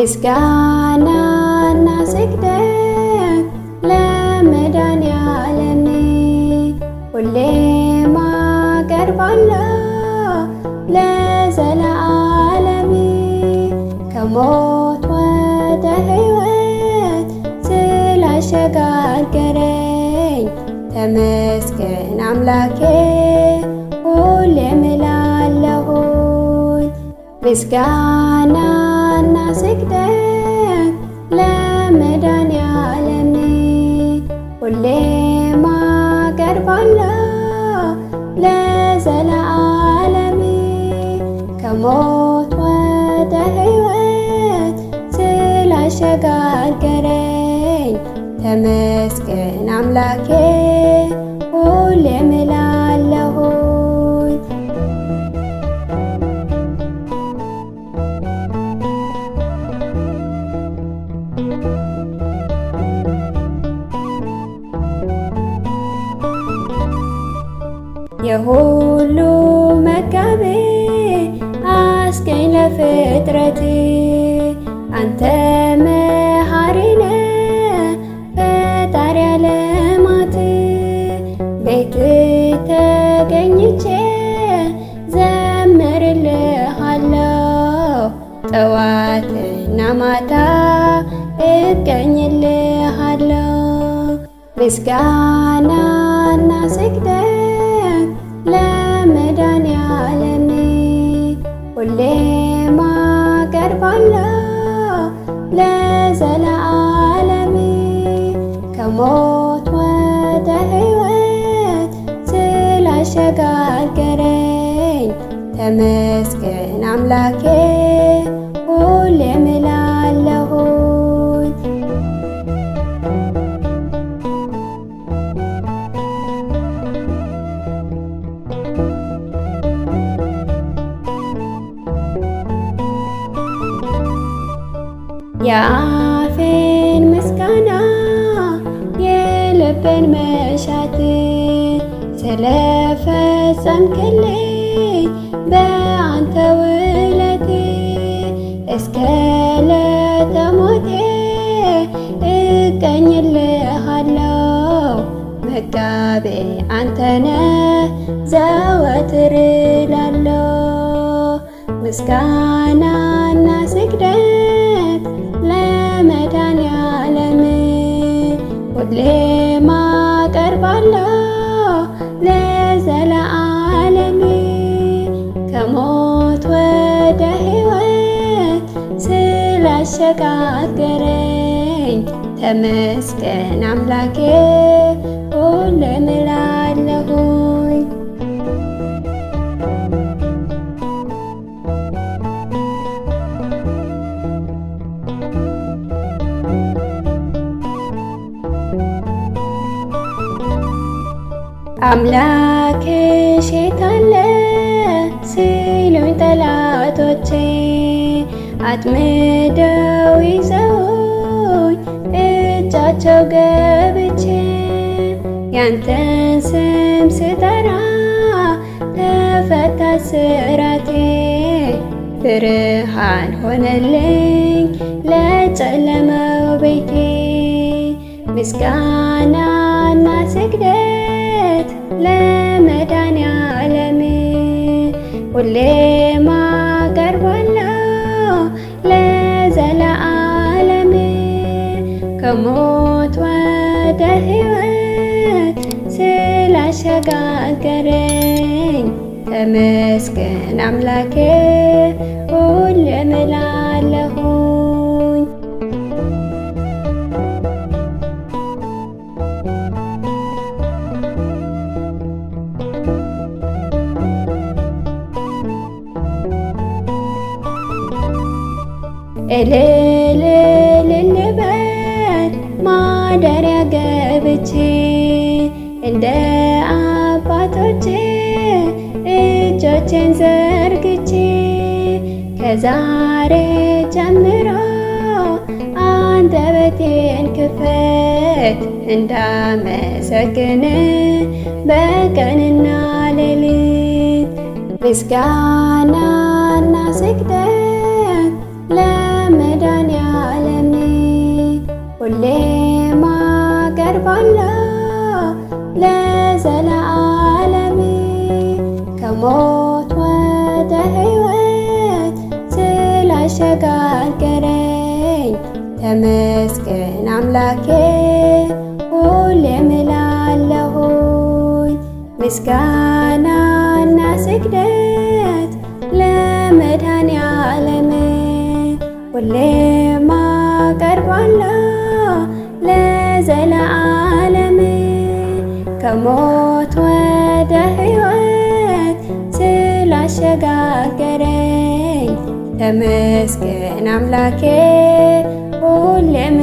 ምስጋናና ስግደት ለመድኃኔዓለም ሁሌም አቀርባለሁ ለዘለዓለም ከሞት ወደ ሕይወት ስላሸጋገረኝ ተመስገን አምላኬ ሁሌም እላለሁኝ ምስጋና ምስጋና ስግደት ለመድኃኒዓለም ሁሌ ማቀርባለሁ ለዘለዓለም ከሞት ወደ ሕይወት ስላሸጋገረኝ ተመስገን አምላኬ ሁሌ ምላ የሁሉ መጋቤ አስገኝ ለፍጥረት አንተ መሐሪ ነህ ፈጣሪ ዓለማት ቤት ተገኝቼ ዘምርልሃለሁ ጠዋትና ማታ እቀኝልሃለሁ ምስጋናና ስግደት ለመድኃኔዓለም ሁሌ ማቀርባለሁ ለዘለዓለም ከሞት ወደ ሕይወት ስላሸጋገረኝ ተመስገን አምላኬ የአፌን ምስጋና የልብን መሻት ስለፈጸምክልኝ በአንተ ውለት እስከ ዕለተ ሞቴ እቀኝልሃለው መጋቤ አንተነ ዘወትር ምስጋና ምስጋናና ለምለም አቀርባለሁ ለዘለዓለም ከሞት ወደ ሕይወት ስላሸጋገረኝ ተመስገን አምላኬ ሁለምላ አምላኬ ሼታለ ሲሉኝ ጠላቶቼ አጥምደው ይዘውኝ እጃቸው ገብቼ ያንተን ስም ስጠራ ተፈታ ስራቴ ብርሃን ሆነልኝ ለጨለመው ቤቴ ምስጋናና ስግደ ለመዳን ያለም ሁሌ ማቀርባለው ለዘላ አለም ከሞት ወደ ሕይወት ስላሸጋገረኝ ተመስገን አምላኬ ሁሌ እምላለሁ። እልልልል በል ማደሪያ ገብቼ እንደ አባቶቼ እጆቼን ዘርግቼ ከዛሬ ጀምሮ አንደበቴን ክፈት እንዳመሰግን በቀንና ሌሊት ምስጋና። ስግደት ከሞት ወደ ሕይወት ስላሸጋገረኝ ተመስገን አምላኬ ሁሌ እምላለሁኝ። ምስጋናና ስግደት ሁሌ ማቀርባለሁ ለዘለዓለም ከሞት ወደ ሕይወት ያሸጋገረኝ ተመስገን አምላኬ ሁሌም